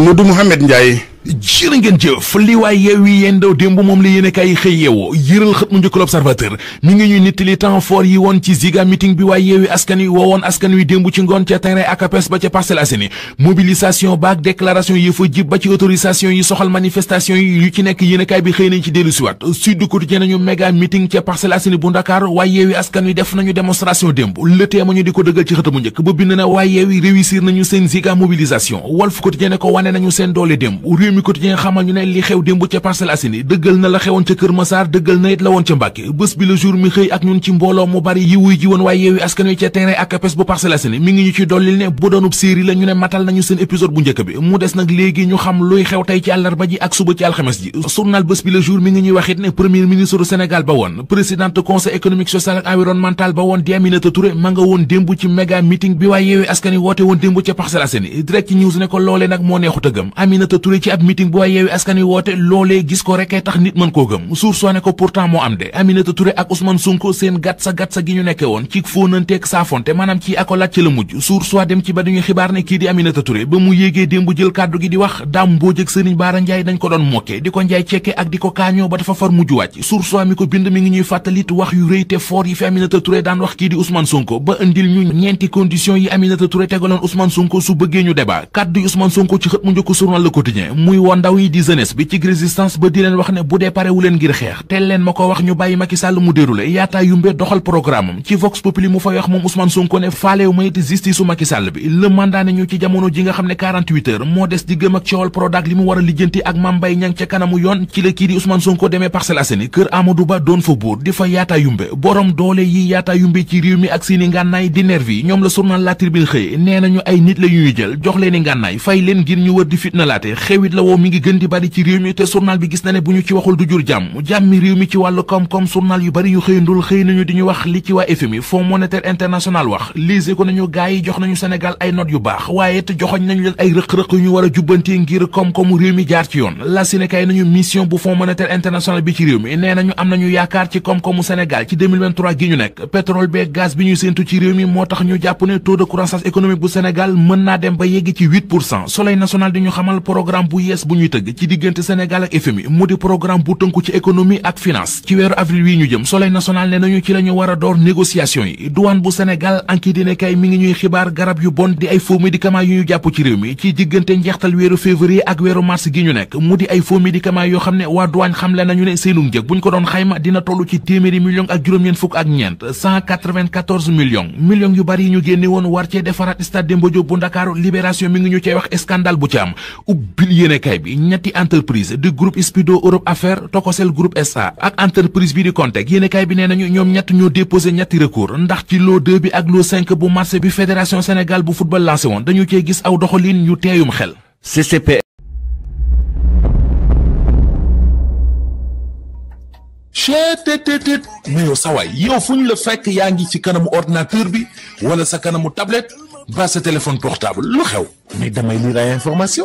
Modou Mouhamed Ndiaye jërë ngeen jëf li waay yeewi yendoo démb moom la yéene kaay xëy yeewoo yëral xët mu njëkk l'observateur mi ngi ñuy nittali temps fort yi woon ci ziga meeting bi waay yeewi askan wi woowoon askan wi démb ci ngoon ca terrain ak APS ba ca Parcelles Assainies mobilisation baak déclaration yi fa jib ba ci autorisation yi soxal manifestation yi yu ci nekk yéene kaay bi xëy nañ ci dellu siwaat Sud Quotidien nañu méga meeting ca Parcelles Assainies bu Dakar waay réew mi mu des nag léegi ñu xam luy xew tey ci àllarba ji ak suba ci alxames ji journal bés bi le jour mi ngi ñuy wax ne premier ministre du ba woon présidente conseil économique social ak environnemental ba woon di Aminata Touré ma nga woon démb ci méga meeting bi waaye yeewi askan woote woon démb ca Parcelles Assainies direct news ne ko loolee nag moo neexut a gëm Aminata Touré ci ab meeting bu waa yeewi askan woote loolee gis ko rekkee tax nit mën koo gëm suur soo ne ko pourtant moo am de Aminata Touré ak Ousmane Sonko seen gàt sa gi ñu nekke woon ci fóonanteeg saafonte maanaam ci akolaat ci la mujj suur soo dem ci ba dañuy xibaar ne kii di ba mu yéegee démb jël kàddu gi di wax daam mbooj ak Serigne Bara Ndiaye dañ ko doon mokke di ko njaay cekke ak di ko kaañoo ba dafa far mujj wàcc suur wax yu rëy te daan wax kii di Ousmane Sonko ba indil ñu ñeenti condition yi Aminata Touré tegaloon Ousmane Sonko su bëggee ñu débat kàddu yi Ousmane Sonko ci xët mu njëkk journal Le Quotidien muy woo ndaw yi di jeunesse bi ci résistance ba di leen wax ne bu dee parewu leen ngir xeex teel ma ko wax ñu bàyyi Macky Sall mu déroulé yaataa yumbe doxal programme ci vox populi mu fay wax moom Ousmane Sonko ne faalewu ma it justice su Macky bi le mandat ñu ci jamono ji nga xam ne 48 moo des di ak coowal Prodac li mu war a lijjanti ak Mame Mbaye ca kanamu yoon ci la kii di Ousmane Sonko demee Parcelles Assainies kër Amadou Ba la mi ngi gën di bari ci réew mi te journal bi gis na ne bu ñu ci waxul du jur jàmm jàmmi réew mi ci wàllu koom-koom journal yu bari yu xëyandul xëy nañu di ñu wax li ci waa FMI Fonds monétaire international wax lise ko nañu gaay yi jox nañu Sénégal ay note yu baax waaye te joxoñ nañu leen ay rëq-rëq yu ñu war a ngir koom-koomu réew mi jaar ci yoon la nañu mission bu Fonds monétaire international bi ci réew mi nee nañu am nañu yaakaar ci yees bu ñuy tëgg ci diggante Sénégal ak FMI mu di programme bu tënku ci économie ak finance ci weeru avril wi ñu jëm soleil national ne nañu ci la ñu war a door négociation yi douane bu Sénégal anki dine kay mi ngi ñuy xibaar garab yu bon di ay faux médicament yu ñu jàpp ci réew mi ci diggante njeextal weeru février ak weeru mars gi ñu nekk mu di ay faux médicament yoo xam ne waa douane xam le nañu ne seenu njëg bu ñu ko doon xayma dina toll ci téeméeri millions ak juróom-ñeent mi ngi ñu cey wax yéenekaay bi ñetti entreprise di groupe Spido Europe Affaires Tocosel Group SA ak entreprise bi di Contec bi nee nañu ñoom ñett ñoo déposé ñetti recours ndax ci lot 2 bi ak lot bu marché bi fédération Sénégal bu football lancé woon dañu cee gis aw doxalin yu teeyum xel CCP cheetetetet mais yow sa waay yow fu ñu la fekk yaa ngi ci kanamu ordinateur bi wala sa kanamu tablette ba sa téléphone portable lu xew mais damay lire ay information